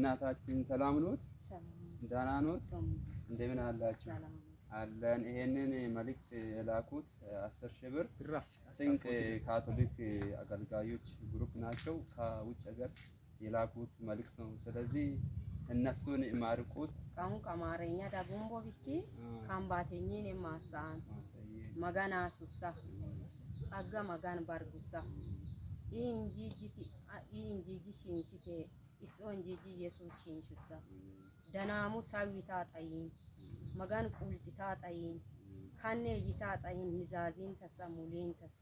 እናታችን ሰላም ኖት? ደህና ኖት? እንደምን አላችሁ? አለን። ይሄንን መልእክት የላኩት አስር ሺህ ብር ስንቅ ካቶሊክ አገልጋዮች ግሩፕ ናቸው። ከውጭ ሀገር የላኩት መልእክት ነው። ስለዚህ እነሱን ማርቁት ካሙ ከማረኛ ዳጉምቦ ቢቲ ካምባቴኝን የማሳን መጋና ሱሳ ጸጋ መጋን ባርጉሳ ይህ እንጂጂ ይህ እንጂጂ ሽንሽቴ isoo እንጂጂ ኢየሱስ ሽንሽሳ ደናሙ ሳዊታ ጣይን መጋን ቁልጥታ ጣይን ካኔ ይታ ጣይን ሚዛዚን ተሳ ሙሌን ተሳ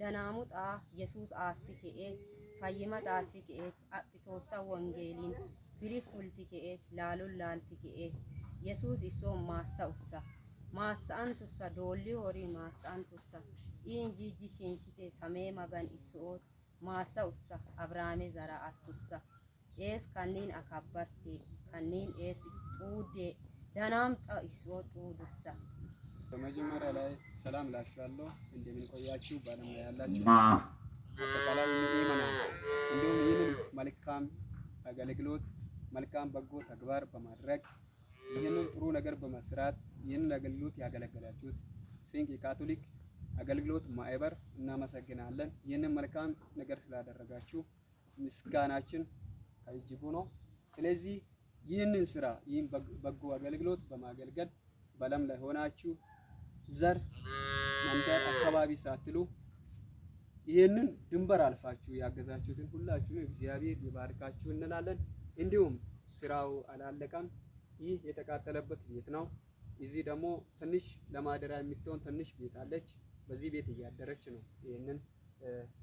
ደናሙ ጣ ኢየሱስ አሲ ከኤች ፋይማ ጣሲ ከኤች አጥቶሳ ወንጌሊን ብሪ ቁልቲ ከኤች ላሉን ላልቲ ከኤች ኢየሱስ እሶ ማሳ ኡሳ ማሳን ቱሳ ዶሊ ሆሪ ማሳ ቱሳ ኢንጂጂ ሽንሽቴ ሰሜ መጋን እሶት ማሳ ኡሳ አብራሜ ዘራ አሱሳ ees kanneen akka bartee kanneen ees ጡዴ ደህናም ጠይሶ ጡዱሳ በመጀመሪያ ላይ ሰላም ላችኋለሁ። እንደምን ቆያችሁ? ባለሙያ ያላችሁ አጠቃላይ እንዲሁም ይህንን መልካም አገልግሎት መልካም በጎ ተግባር በማድረግ ይህንን ጥሩ ነገር በመስራት ይህንን አገልግሎት ያገለገላችሁት ሲንክ የካቶሊክ አገልግሎት ማዕበር እናመሰግናለን። ይህንን መልካም ነገር ስላደረጋችሁ ምስጋናችን እጅጉ ነው። ስለዚህ ይህንን ስራ ይህን በጎ አገልግሎት በማገልገል በለም ላይ ሆናችሁ ዘር መንደር አካባቢ ሳትሉ ይህንን ድንበር አልፋችሁ ያገዛችሁትን ሁላችሁም እግዚአብሔር ይባርካችሁ እንላለን። እንዲሁም ስራው አላለቀም። ይህ የተቃጠለበት ቤት ነው። እዚህ ደግሞ ትንሽ ለማደሪያ የምትሆን ትንሽ ቤት አለች። በዚህ ቤት እያደረች ነው። ይህንን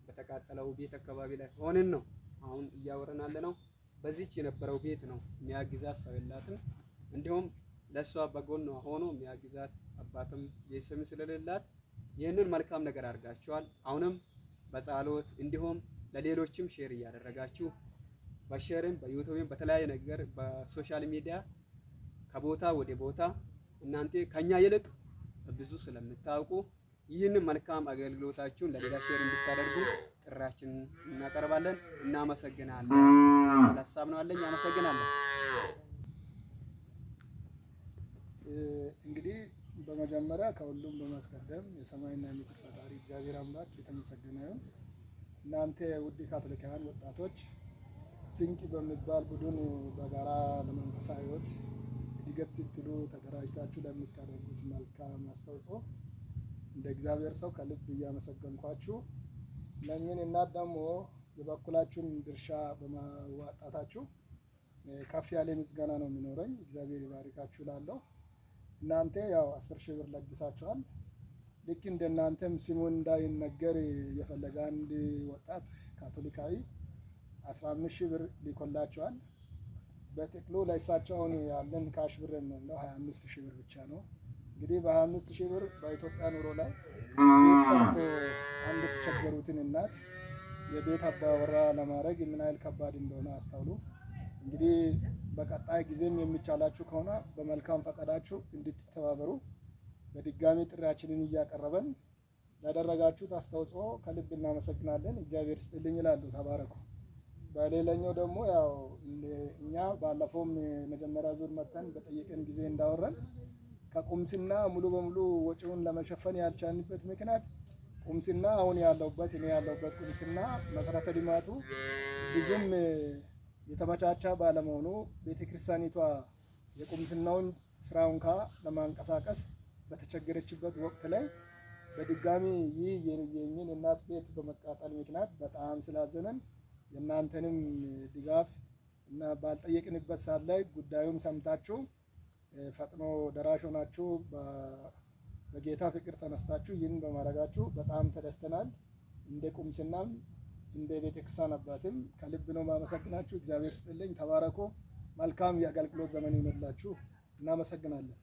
በተቃጠለው ቤት አካባቢ ላይ ሆነን ነው አሁን እያወረናለ ነው። በዚች የነበረው ቤት ነው። የሚያግዛት ሰው የላትም። እንዲሁም ለእሷ በጎኗ ሆኖ የሚያግዛት አባትም የስም ስለሌላት ይህንን መልካም ነገር አድርጋችኋል። አሁንም በጸሎት እንዲሁም ለሌሎችም ሼር እያደረጋችሁ በሼርም በዩቱብም በተለያየ ነገር በሶሻል ሚዲያ ከቦታ ወደ ቦታ እናንተ ከኛ ይልቅ ብዙ ስለምታውቁ ይህንን መልካም አገልግሎታችሁን ለሌላ ሼር እንድታደርጉ ጥራችን እናቀርባለን። እናመሰግናለን። ሀሳብ ነው አለኝ። አመሰግናለን። እንግዲህ በመጀመሪያ ከሁሉም በማስቀደም የሰማይና የምድር ፈጣሪ እግዚአብሔር አምላክ የተመሰገነ ይሁን። እናንተ ውድ ካቶሊካውያን ወጣቶች ስንቅ በሚባል ቡድን በጋራ ለመንፈሳዊ ሕይወት እድገት ስትሉ ተደራጅታችሁ ለምታደርጉት መልካም አስተዋጽኦ እንደ እግዚአብሔር ሰው ከልብ እያመሰገንኳችሁ ለምን እናት ደግሞ የበኩላችሁን ድርሻ በማዋጣታችሁ ከፍ ያለ ምስጋና ነው የሚኖረኝ። እግዚአብሔር ይባርካችሁ ላለው እናንተ ያው አስር ሺህ ብር ለግሳችኋል። ልክ እንደ እናንተም ስሙ እንዳይነገር የፈለገ አንድ ወጣት ካቶሊካዊ አስራ አምስት ሺህ ብር ሊኮላችኋል። በጥቅሉ ለእሳቸው አሁን ያለን ካሽ ብር ነው ሀያ አምስት ሺህ ብር ብቻ ነው። እንግዲህ በሀያ አምስት ሺህ ብር በኢትዮጵያ ኑሮ ላይ ቤት ሰርቶ አንድ የተቸገሩትን እናት የቤት አባወራ ለማድረግ የምን ያህል ከባድ እንደሆነ አስተውሉ። እንግዲህ በቀጣይ ጊዜም የሚቻላችሁ ከሆነ በመልካም ፈቃዳችሁ እንድትተባበሩ በድጋሚ ጥሪያችንን እያቀረበን ያደረጋችሁት አስተዋጽኦ ከልብ እናመሰግናለን። እግዚአብሔር ስጥልኝ ይላሉ። ተባረኩ። በሌላኛው ደግሞ ያው እኛ ባለፈውም መጀመሪያ ዙር መተን በጠየቀን ጊዜ እንዳወረን ከቁምስና ሙሉ በሙሉ ወጪውን ለመሸፈን ያልቻልንበት ምክንያት ቁምስና አሁን ያለውበት እኔ ያለውበት ቁምስና መሰረተ ልማቱ ብዙም የተመቻቻ ባለመሆኑ ቤተክርስቲያኒቷ የቁምስናውን ስራውን ካ ለማንቀሳቀስ በተቸገረችበት ወቅት ላይ በድጋሚ ይህ የእኛን እናት ቤት በመቃጠል ምክንያት በጣም ስላዘነን የእናንተንም ድጋፍ እና ባልጠየቅንበት ሰዓት ላይ ጉዳዩን ሰምታችሁ ፈጥኖ ደራሽ ሆናችሁ በጌታ ፍቅር ተነስታችሁ ይህን በማድረጋችሁ በጣም ተደስተናል። እንደ ቁምስናም እንደ ቤተክርስቲያን አባትም ከልብ ነው ማመሰግናችሁ። እግዚአብሔር ስጥልኝ። ተባረኮ መልካም የአገልግሎት ዘመን ይሆንላችሁ። እናመሰግናለን።